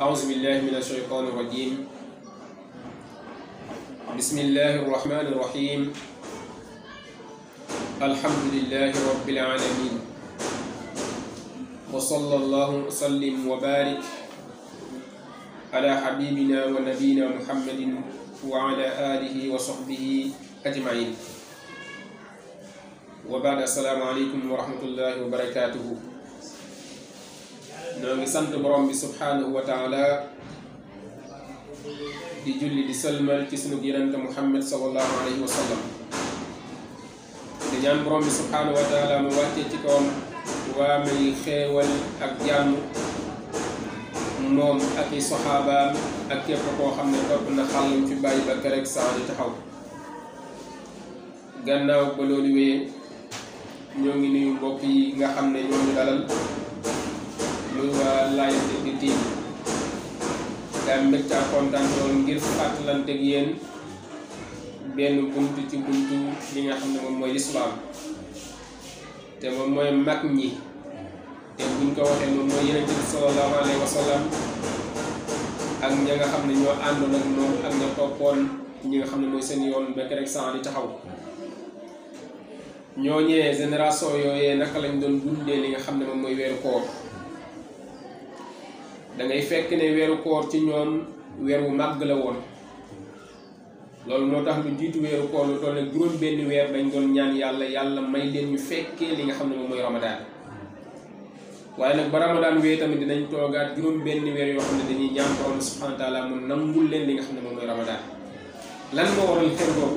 أعوذ بالله من الشيطان الرجيم بسم الله الرحمن الرحيم الحمد لله رب العالمين وصلى الله وسلم وبارك على حبيبنا ونبينا محمد وعلى آله وصحبه أجمعين وبعد السلام عليكم ورحمة الله وبركاته ñoo ngi sant borom bi subhaanahu wa taala di julli di sëlmal ci sunu yonente Muhammad sallallahu alayhi wa sallam di ñaan borom bi subhaanahu wa taala mu wàccee ci kawam waa may xeewal ak jàmm moom ak i soxaabaam ak képp koo xam ne topp na xàllam fi bàyyi ba kerek saa di taxaw gannaaw ba loolu wéyee ñoo ngi nuyu mbokk yi nga xam ne ñoo ñu dalal muy waa Live Techno TV daa mbégte ak kontaan loolu ngir fàttalanteeg yéen benn buntu ci buntu li nga xam ne moom mooy lislaam te moom mooy mag ñi te buñ ko waxee moom mooy Yonent bi sallallahu alayhi wa sallam ak ña nga xam ne ñoo àndoon ak moom ak ña toppoon ñi nga xam ne mooy seen yoon bekk rek sant di ñoo ñëwee génération yooyee naka lañ doon dundee li nga xam ne moom mooy weeru koor dangay fekk ne weeru koor ci ñoom weer wu màgg la woon loolu moo tax lu jiitu weeru koor lu toll ne juróom benn weer dañ doon ñaan yàlla yàlla may leen ñu fekkee li nga xam ne moom mooy ramadaan waaye nag ba ramadaan wee tamit dinañ toogaat juróom benn weer yoo xam ne dañuy ñaan borom subhanahu taala mu nangul leen li nga xam ne moom mooy ramadaan lan moo waral xel boobu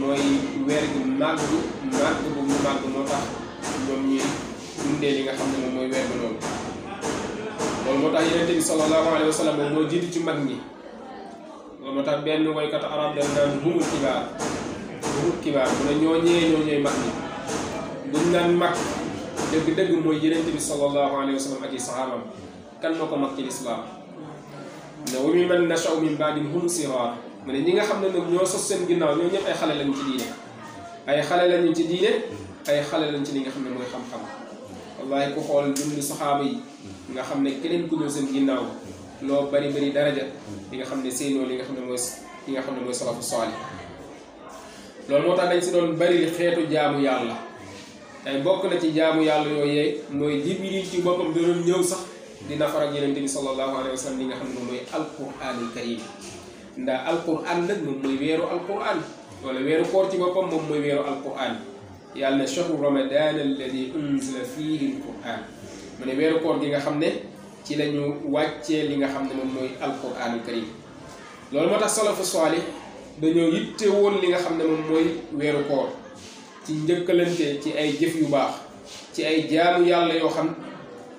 mooy weer gi màgg màgg bu màgg moo tax ñoom ñuy dundee li nga xam ne moom mooy loolu moo tax yonente bi sallallahu alayhi wa sallam moo jiitu ci mag ñi loolu moo tax benn woykat arab dañ naan humul kibaar humul kibaar mu ne ñoo ñee ñoo ñooy mag ñi buñ naan mag dëgg-dëgg mooy yonente bi sallallahu alayhi wa sallam ak i saxaabam kan moo ko mag ci lislaam ne wa mimman nashaa'u min ba'dihim hum sigaar mu ne ñi nga xam ne nag ñoo sos seen ginnaaw ñoo ñëpp ay xale lañ ci diine ay xale lañu ci diine ay xale lañ ci li nga xam ne mooy xam-xam waaye ku xool dundu saxaaba yi nga xam ne keneen ku ñëw ginnaaw loo bari bari daraja li nga xam ne seenoo li nga xam nga xam ne mooy salafu saalih loolu moo tax dañ si doon bari xeetu jaamu yàlla tey bokk na ci jaamu yàlla yooyee mooy Jibriil ci boppam da ñëw sax di nafar ak Yonent bi sallallahu alayhi wa sallam li nga xam ne mooy alquraanul karim ndax alquraan nag moom mooy weeru alquraan wala weeru koor ci boppam moom mooy weeru alquraan يالنا شهر رمضان الذي أنزل فيه القرآن من غير قرد يغا خمنا تيلا نيو واتي لغا خمنا من موي القرآن الكريم لول متى صلاف الصالح دانيو يتيوون لغا خمنا من موي غير قرد تي نجكلنتي تي أي جف يباخ تي أي جام يالنا يو خم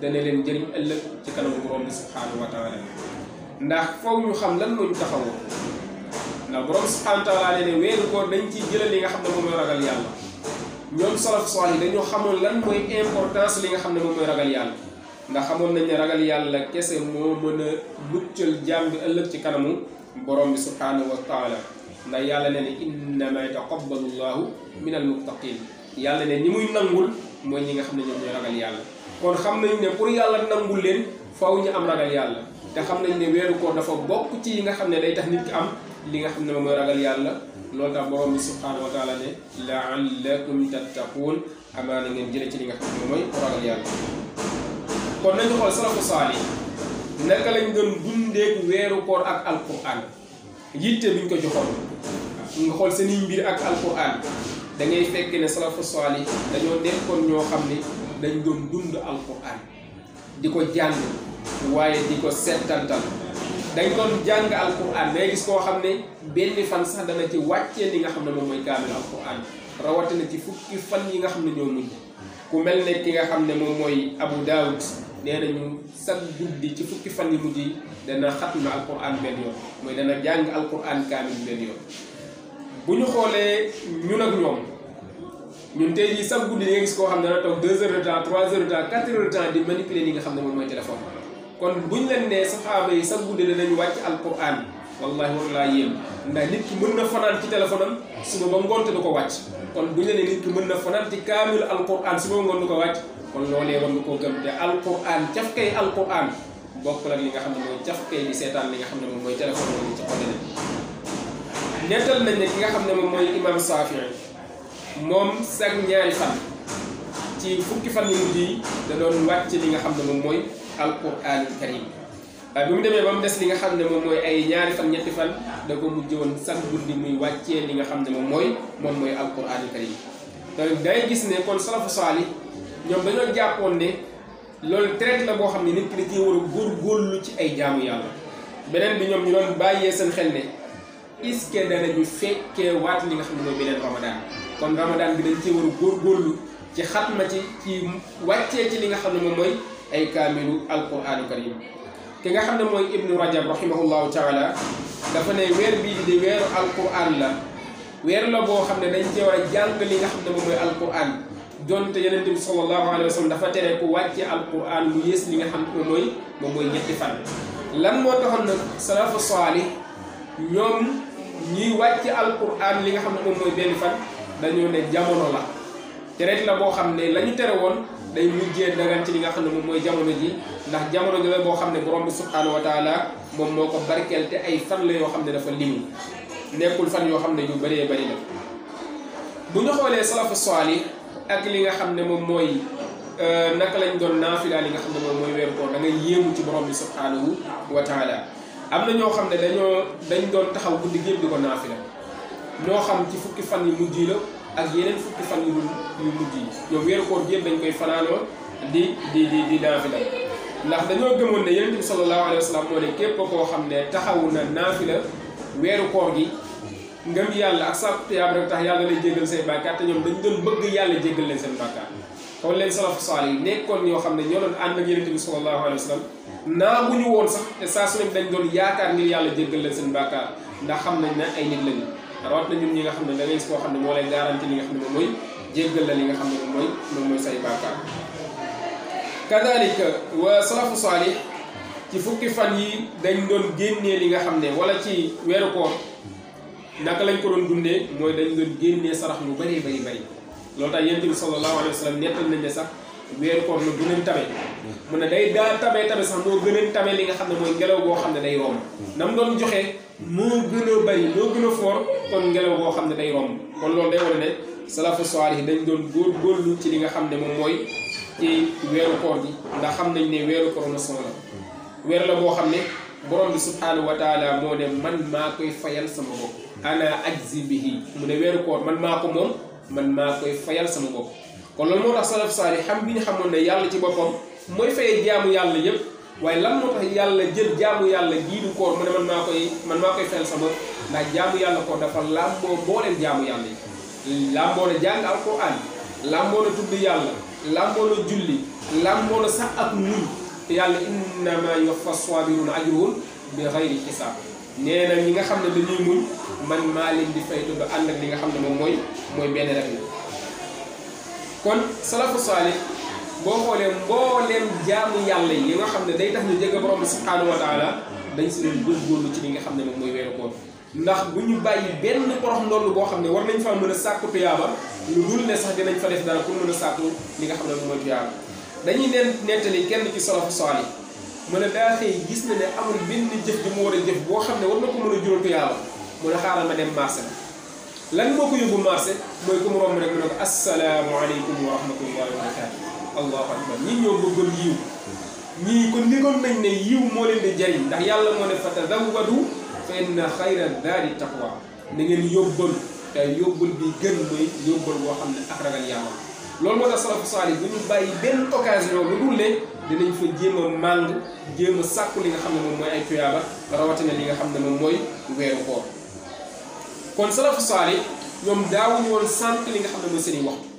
دانا لين جريم ألق تي كانو برومي سبحانه وتعالى ndax foog ñu xam lan moo ñu taxawoo na borom subhanahu wa taala ne wéeru koor dañ ci jëlal li nga xam ñom salaf salih dañu xamone lan moy importance li nga xamne ne moy ragal yàlla ndax xamone nañ ne ragal yàlla kesse mo meuna a muccal jaam bi ëllëg ci kanamu borom bi subhanahu wa taala ndax yàlla ne ni inna ma taqabbalu allah min al muttaqin yàlla ne ñi muy nangul moy ñi nga xamne ñom ñoom ragal yàlla kon xam nañ ne pour yàlla nangul len faaw ñu am ragal yàlla te xam nañ ne wëru ko dafa bokk ci yi nga xamne day tax nit ki am li nga xamne ne moy ragal yàlla loolu tax borom bi subhaanahu wa taala ne laallakum tattaquun amaana ngeen jële ci li nga xam ne mooy ragal yàlla kon nañu xool salafu saali naka lañ doon dundeek weeru koor ak alquran yitte biñ ko joxoon nga xool seen i mbir ak alquran da ngay fekk ne salafu saali dañoo nekkoon ñoo xam ne dañ doon dund alquran di ko jàng waaye di ko settantal dañ doon jàng alquran day gis koo xam ne benn fan sax dana ci wàccee li nga xam ne moom mooy kaamil alquran rawatina ci fukki fan yi nga xam ne ñoo mujj ku mel ne ki nga xam ne moom mooy Abu Daawud nee nañu sag guddi ci fukki fan yi mujj yi dana xatma alquran benn yoon mooy dana jàng al alquran kaamil benn yoon bu ñu xoolee ñun ak ñoom ñun tey jii sag guddi yi nga gis koo xam ne dana toog 2 heures de temps 3 de temps di manipuler li nga xam kon bu ñu leen nee saxaaba yi sax guddi danañ wàcc alquran wallahi war laa yéem ndax nit ki mën na fanaan ci téléphone am ma ba ngoonte du ko wàcc kon buñ leen nee nit ki mën na fanaan ci kaamil alquran suba ba ngoon du ko wàcc kon loolee war nga koo gëm te alquran cafkay alquran bokk la li nga xam ne mooy cafkay di seetaan li nga xam ne moom mooy téléphone moom ci xolle nañ ne ki nga xam ne moom mooy imam Saafi'i moom sag ñaari fan ci fukki fan yu mujj yi da doon wàcc li nga xam ne moom mooy alquranul karim bi mu demee ba mu des li nga xam ne moom mooy ay ñaari fan ñetti fan da ko mujj woon sax guddi muy wàccee li nga xam ne moom mooy moom mooy alquranul karim donc day gis ne kon salafu saali ñoom dañoo jàppoon ne loolu traite boo xam ne nit ki da ciy war a ci ay jaamu beneen bi ñoom ñu doon bàyyee seen xel ne est-ce que danañu fekkee waat li nga xam ne mooy beneen ramadaan kon ramadaan bi dañ ciy war góor góorgóorlu ci ma ci ci wàccee ci li nga xam ne moom mooy ay kaamilu alquranu karim ki nga xam ne mooy ibnu rajab rahimahullahu taala dafa ne weer bii di di weeru alquran la weer la boo xam ne dañ cee war jàng li nga xam ne moom mooy alquran donte yeneen bi sallallahu alayhi dafa tere ku wàcce alquran lu yées nga xam ne mooy moom mooy ñetti fan lan moo taxoon nag salafu saalih ñoom ñuy wàcce alquran li nga xam ne moom mooy benn fan dañoo ne jamono la traite la boo xam ne la ñu tere woon day mujjee dagan ci li nga xam ne moom mooy jamono ji ndax jamono ji la boo xam ne borom bi subhanahu wa taala moom moo ko barkeel te ay fan la yoo xam ne dafa lim nekkul fan yoo xam ne yu bëree bëri la bu ñu xoolee salafu saali ak li nga xam ne moom mooy naka lañ doon naafila li nga xam ne moom mooy weeru koor da ngay yéemu ci borom bi subhanahu wa taala am na ñoo xam ne dañoo dañ doon taxaw guddi gépp di ko naafila moo xam ci fukki fan yi mujj la ak yeneen fukki fan yu yu mujj yi ñoom weeru koor jéem dañ koy fanaanoo di di di di naafila ndax dañoo gëmoon ne yonent bi sallallahu alayhi képp koo xam ne taxawu na naafila weeru koor gi ngëm yàlla ak sa tuyaab rek tax yàlla lay jéggal say bàkkaar te ñoom dañ doon bëgg yàlla jéggal leen seen bàkkaar kon leen salafu saalih yi nekkoon ñoo xam ne ñoo doon ànd ak yonent bi sa alayhi wa ñu woon sax te saa su nekk dañ doon yaakaar ngir yàlla jéggal leen seen bàkkaar ndax xam nañ ne ay nit lañu rawat na ñun ñi nga xam ne da ngay gis koo xam ne moo lay garanti li nga xam ne moom mooy jéggal la li nga xam ne moom mooy moom mooy ci fukki fan yi dañ doon génnee li nga xam ne wala ci weeru koor naka lañ ko doon mooy dañ doon génnee sarax lu bari bari loolu tax yonent bi sallallahu alayhi wa sallam nettal nañ mu ne day daa tabe tabe sax li nga xam ne mooy ngelaw boo xam ne day romb nam joxee moo gën a bari moo gën a foor kon ngelaw boo xam ne day romb kon loolu day wane ne salafu saalih yi dañ doon góor góorlu ci li nga xam ne moom mooy ci weeru koor gi xam nañ ne weeru coronation la weer la boo xam ne borom bi subhaanahu wa moo dem man maa koy fayal sama bopp ana ajzi bihi mu ne weeru koor man maa ko moom man maa koy fayal sama bopp kon loolu moo tax salaf saalih xam bi ñu xamoon ne yàlla ci boppam mooy fayee jaamu yàlla yëpp waaye lan moo tax yàlla jël jaamu yàlla jiidu koor mu ne man maa koy man maa koy fayal sama ndax jaamu yàlla koor dafa làmboo mbooleem jaamu yàlla yi làmboo na jàng alquran làmboo na tudd yàlla làmboo na julli làmboo na sax ak muñ te yàlla innama yuwaffa saabiruna ajruhum bi xayri xisaab nee na ñi nga xam ne dañuy muñ man maa leen di fay tudd ànd ak li nga xam ne moom mooy mooy benn rek la kon salafu saalih boo xoolee mbooleem jaamu yàlla yi li nga xam ne day tax ñu jege borom bi subhaanahu wa taala dañ si doon góorgóorlu ci li nga xam ne moom mooy weeru koor ndax bu ñu bàyyi benn porox ndoll boo xam ne war nañ fa mën a sàkku tuyaaba lu dul ne sax dinañ fa def dara pour mën a sàkku li nga xam ne moom mooy tuyaaba dañuy neen nettali kenn ci solofu soali mu ne daa xëy gis na ne amul benn jëf bi mu war a jëf boo xam ne war na ko mën a jural tuyaaba mu ne xaaral ma dem marché lan moo ko yóbbu marché mooy ku mu romb rek mu ne ko asalaamaaleykum wa rahmatullahi wa barakatu allahu akbar ñii ñoo bëggoon yiw ñii kon nigoon nañ ne yiw moo leen di jariñ ndax yàlla moo ne fa tazawwadu fa inna xayra zaadi taqwa na ngeen yóbbal te yóbbal bi gën mooy yóbbal boo xam ne ak ragal yàlla loolu moo tax salafu saalih bu ñu bàyyi benn occasion lu dul ne dinañ fa jéem a màng jéem a sàkku li nga xam ne moom mooy ay tuyaaba rawatina li nga xam ne moom mooy weeru koor kon salafu saalih ñoom daawuñu woon sant li nga xam ne mooy seen i waxtu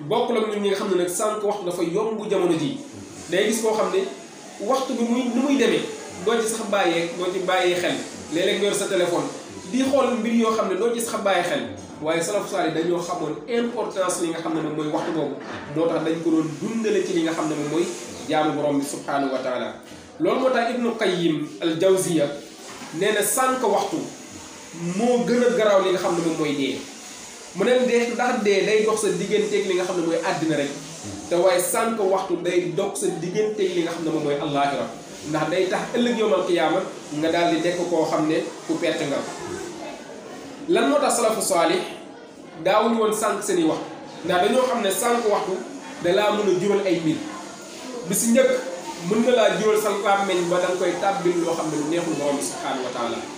bokk la ñun ñi nga xam ne nag sànq waxtu dafa yomb jamono ji day gis koo xam ne waxtu bi muy nu muy demee doo ci sax bàyyee doo ci bàyyee xel léeg-léeg nga yor sa téléphone di xool mbir yoo xam ne doo ci sax bàyyee xel waaye salaf saal yi dañoo xamoon importance li nga xam ne nag mooy waxtu boobu moo tax dañ ko doon dundale ci li nga xam ne moom mooy jaamu borom bi subhanahu wa taala loolu moo tax ibnu qayyim al jawziya nee na sànq waxtu moo gën a garaaw li nga xam ne moom mooy dee mu ne dee ndax dee day dox sa digganteeg li nga xam ne mooy àddina rek te waaye sànq waxtu day dox sa digganteeg li nga xam ne moom mooy àllaaxira ndax day tax ëllëg yawmal qiyaama nga daal di dekk koo xam ne ku perte nga lan moo tax salafu saalih daawuñu woon sànq seen i waxtu ndax dañoo xam ne sànq waxtu da laa mën a jural ay mbir bi si njëkk mën na laa jural sa làmmiñ ba da nga koy tàbbil loo xam ne lu neexul moom bi subhaanahu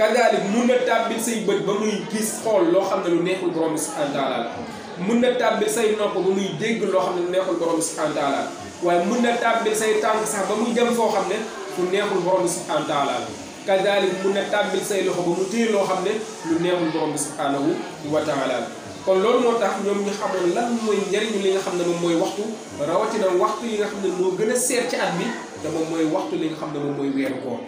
كذلك من التابل سي بج بمي جيس خول لو خامن لو نيخول بروم سبحان تعالى من التابل سي نوك بمي ديغ لو خامن نيخول بروم سبحان تعالى واي من التابل سي تانك سا بمي جيم فو خامن فو نيخول بروم سبحان تعالى كذلك من التابل سي لو بمي تي لو خامن لو نيخول بروم سبحان وتعالى kon lool moo tax ñoom ñu xamoon lan mooy njëriñu li nga xam ne moom mooy waxtu rawatina waxtu yi nga xam ne moo gën te moom mooy waxtu li nga xam ne moom mooy weeru koor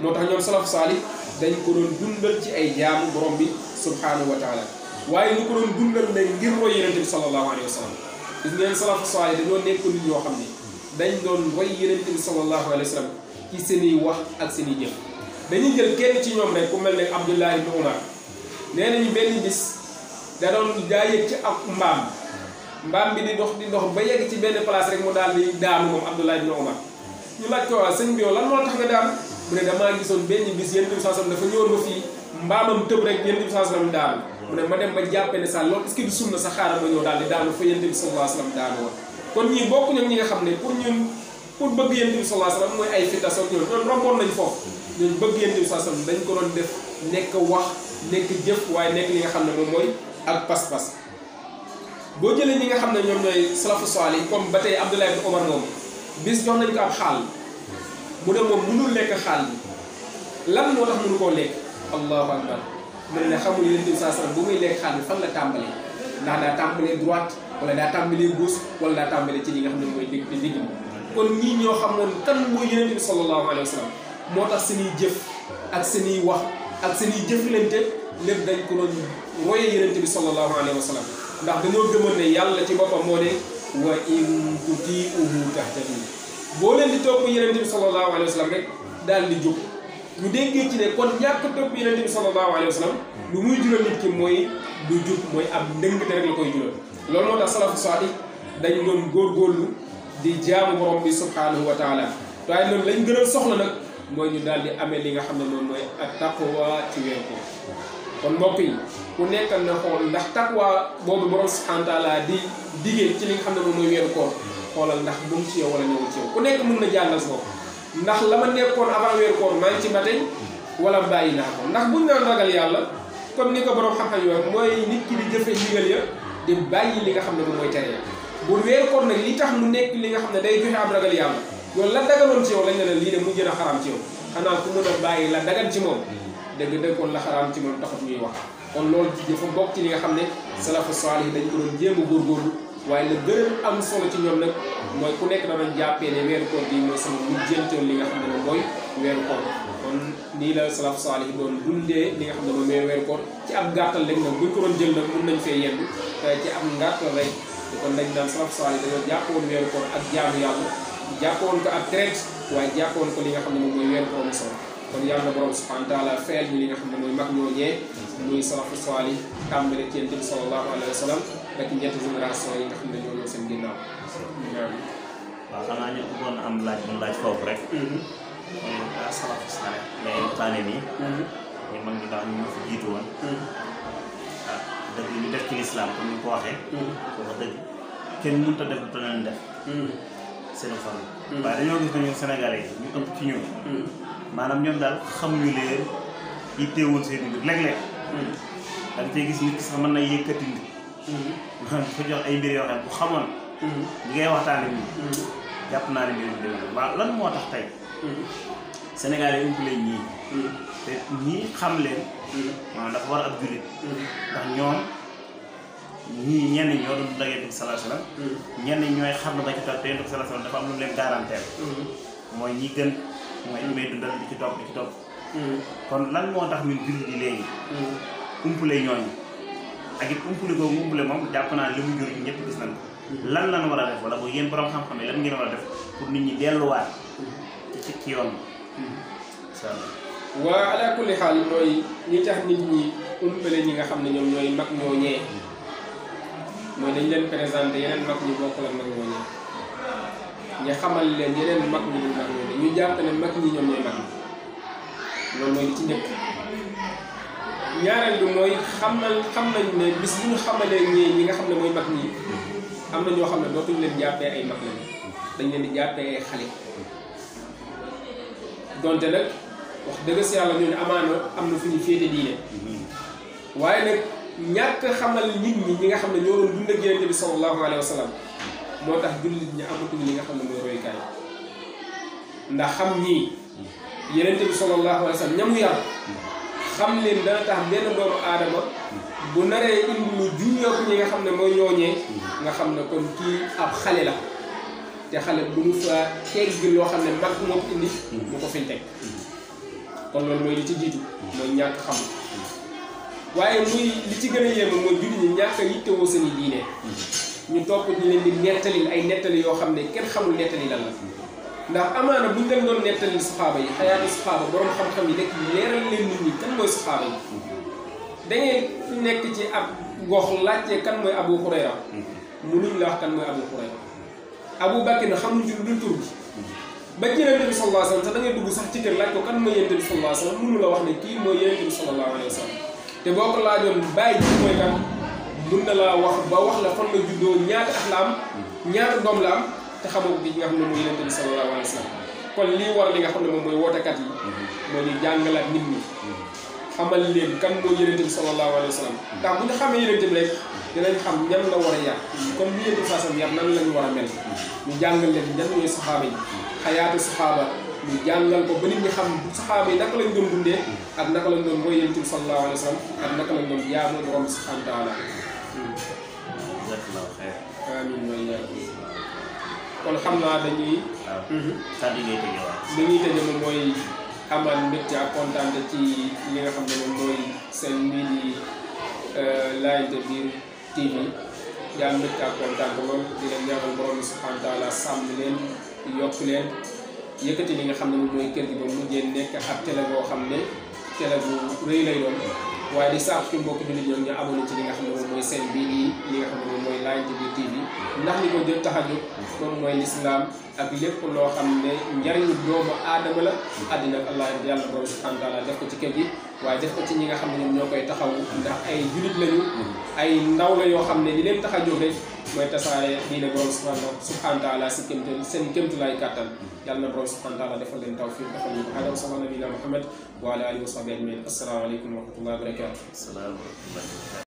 moo tax ñoom salaf saalih dañ ko doon dundal ci ay jaamu borom bi subhanahu wa taala waaye ñu ko doon dundal nag ngir roy yonente bi sallallahu alayhi wa sallam gis ngeen salaf saalih dañoo nekk nit ñoo xam ne dañ doon roy yonente bi sallallahu alayhi wa sallam ci seen i wax ak seen i jëf dañuy jël kenn ci ñoom rek ku mel ne Abdullah ibn Umar nee nañu benn bis da doon daa yëg ci ak mbaam mbaam bi di dox di dox ba yegg ci benn place rek mu daal di daanu moom Abdullah ibn Umar ñu laaj ko waa sëñ bi yow lan moo tax nga daan mu ne damaa gisoon benn bis yéen bi saasam dafa ñëwoon ba fii mbaamam tëb rek yéen bi saasam daan mu ne ma dem ba jàppe ne sa loolu est-ce que du sunna sa xaaral ma ñëw di daan nga xam ne pour ñun pour bëgg yéen foofu ñooñu bëgg yéen dañ ko doon def nekk wax nekk jëf waaye nekk li nga xam ne moom mooy ak pas-pas boo jëlee ñi nga xam ne ñoom ñooy salafu salih comme ba tey Abdullah ibn Omar moom bis jox nañu ko ab xaal mu ne moom mënul lekk xaal bi lan moo tax mënu koo lekk allahu akbar mu ne ne xamul yonent bi saa sallam bu muy lekk xaal bi fan la tàmbalee ndax daa tàmbalee droite wala daa tàmbalee gauche wala daa tàmbalee ci li nga xam ne mooy digg digg kon ñii ñoo xamoon kan mooy yonent bi sallallahu alayhi wa sallam moo tax seeni jëf ak seeni wax ak seeni jëflante lépp dañ ko doon royee yonent bi sallallahu alayhi wa sallam ndax dañoo gëmoon yàlla ci boppam moo ne wa in tutiuhu tahtaduu boo leen di topp yonent bi sallallahu alayhi rek daal di jóg ñu déggee ci ne kon ñàkk topp yonent bi sallallahu alayhi lu muy jural nit ki mooy du jub mooy ab ndëngte rek la koy jural loolu moo tax salafu saalih dañu doon góorgóorlu di jaamu borom bi subhanahu wa taala waaye loolu lañ gën a soxla nag mooy ñu daal di amee li nga xam ne moom mooy ak taqwa ci weer kon mbokk yi ku nekk na xool ndax taqwa boobu borom subhanahu wa taala di diggee ci li nga xam ne moom mooy weeru koor xoolal ndax bu mu ci yow wala ñëwul ci yow ku nekk mun na jàllal sa bopp ndax la ma nekkoon avant weeru koor maa ngi ci ba tey wala bàyyi naa ko ndax buñ naan ragal yàlla comme ni ko borom xam-xam mooy nit ki di jëfe ndigal ya di bàyyi nga xam ne moom mooy tere bu weeru koor nag li tax mu nekk li nga xam ne day joxe am ragal yàlla loolu la dagaloon ci yow lañ ne la lii de mu jën a xaraam ci yow xanaa ku mën a bàyyi la dagan ci moom dëgg dëgg kon la xaraam ci moom taxut ñuy wax kon lool ci dafa bokk ci li nga xam ne salafu saalih dañ ko doon jéem a góorgóorlu waaye la gën am solo ci ñoom nag mooy ku nekk danañ jàppee ne weeru koor bi mooy sama mujjanteel li nga xam ne moom mooy nii la salafu saalih doon dundee li nga xam ne moom mooy weeru koor ci ab gàttal rek nag buñ ko doon jël nag mun nañ fee yendu ci am gàttal rek kon dañ daan salafu saalih dañoo jàppoon weeru koor ak jaamu yàlla jàppoon ko ak traite waaye jàppoon ko li nga xam ne moom mooy weeru koor mu kon yàlla borom subhanahu wa taala fayal ñu li nga xam ne mooy mag ñooñee muy salafu saali tàmbale ci yonent bi sallallahu alayhi wa sallam rek ñetti génération yi nga xam ne ñoo ñëw seen ginnaaw waaw xanaa ñu bëggoon ci lislaam comme ni ko waxee ko mm-hmm. wax kenn mënut a def lu leen def mm-hmm. seen forme mm-hmm. waaye dañoo gis nañu Sénégalais yi ñu ëpp ci ñun maanaam ñoom daal xamuñu leen itteewul seen i mbir léeg-léeg. Hmm. da nga gis nit ki sax mën na yëkkati nit. Hmm. maanaam jox ay mbir yoo bu xamoon. ñi hmm. ngay waxtaanee nii. jàpp naa ne mbir mi moo tax tey. Sénégal yi umpale ñii. te ñii xam leen. maanaam dafa war ab jullit. ndax ñoom ñii ñenn ñoo doon dagee dugg xam na ba ci toog dugg salaa salaam dafa am lu mu leen garanteel. mooy ñi gën. mooy li may dundal di hmm. kon lan moo tax léegi hmm. umpule ñooñu ak it moom jàpp naa li mu ñu ñëpp gis hmm. lan lan war a def wala bu yéen borom xam-xam yi lan ngeen war a def ci yoon bi waa ala kulli xaal ñi tax nga xam ne ñoom ñooy mag ñoo dañ leen présenté yeneen mag ñu bokkul ak mag ñoo ñee xamal leen yeneen mag ñu mag ñoo ñu jàpp ne mag ñi ñoom ñooy mag ñi loolu mooy li ci njëkk ñaareel bi na xam nañ ne bis bu ñi nga xam ne mooy mag ñi am na ñoo xam ne dootuñu leen jàppee ay mag lañu dañ leen di jàppee ay xale donte nag wax dëgg si yàlla ñooñu amaana am na fu ñu féete diine waaye nag ñàkk xamal nit ñi ñi nga xam ne ñoo doon dund ak Yonent bi sallallahu alayhi wa sallam moo tax jullit ñi amatuñ li nga xam ne mooy royukaay ndax xam ñii yenent bi sallallahu alayhi wa sallam ñamu yar xam leen dana tax benn doomu aadama bu naree indi lu juñoo ñi nga xam ne mooy ñooñee nga xam ne kon kii ab xale la te xale bu mu fa tegg loo xam ne mag moo ko indi mu ko fiñ teg kon loolu mooy li ci jiitu mooy ñàkk xam waaye muy li ci gën a yéeme mooy julli ñi ñàkk a yittewoo seen i diine ñu topp ñu leen di nettalil ay nettali yoo xam ne kenn xamul nettali lan la ndax amaana buñ leen doon nettali saxaaba yi xayaati saxaaba borom xam-xam yi rek leeral leen nit ñi kan mooy saxaaba yi da nekk ci ab gox laajte kan mooy Abu Hurayra munuñ la wax kan mooy Abu Hurayra Abu Bakr na xamuñ ci lu tur bi ba ci yonent bi sallallahu alayhi wa sallam ko kan mooy yonent bi sallallahu alayhi wa sallam munu la wax kii mooy yonent bi sallallahu alayhi wa sallam te boo ko laajoon bàyyi mooy kan mun na laa wax ba wax la fan la juddoo ñaata at la am ñaata doom la am te xamoo bi nga xam ne mooy li nga xam ne moom mooy wootekat yi mhm. moo ñu jàngalaat nit ñi mhm. xamal leen kan mooy yonent bi sallallahu alayhi wa sallam mhm. ndax bu ñu xamee xam ñan la war a yar comme ni yonent bi la ñu war a mel ñu jàngal leen ñan ñooy saxaaba yi xayaatu saxaaba ñu jàngal ko ba nit xam saxaaba yi naka lañ doon dundee ak naka lañ doon mooy yonent bi sallallahu alayhi wa sallam ak naka lañ doon yaa mooy borom subhanahu wa kon xam naa dañuy. waaw sànni mhm. ngay tëjee waaw. ñuy tëjee mooy amal mbégte ak kontaan ci li nga xam ne moom mooy seen mbir yi Laayante Biir TV di am mbégte ak kontaan lool di leen ñaanal borom subhanahu wa sàmm leen yokk leen yëkkati li nga xam ne moom mooy kër gi ba mujjee nekk ak télé boo xam ne télé bu rëy lay doon. waaye di saabu suñu mbokku jullit ñoom ñu abonné ci li nga xam ne moom mooy seen bii di li nga xam ne moom mooy Laayen TV TV ndax li ko jël tax a jóg mooy lislaam ak lépp loo xam ne njariñu doomu aadama la àddina ak allah yàlla borom subhanahu wa def ko ci kër gi waaye def ko ci ñi nga xam ne ñoom ñoo koy taxawu ndax ay julit lañu ay ndaw la yoo xam ne ñu leen tax a jóg rek mooy tasaare diine borom subhanahu wa taala si kémtu seen kémtulaay kàttan yàlla na borom subhanahu wa taala defal leen tawfiq defal ñu ko xaada wa sala nabina muhammad wa ala alihi wa sahbi ajmain asalaamaaleykum wa rahmatullahi wa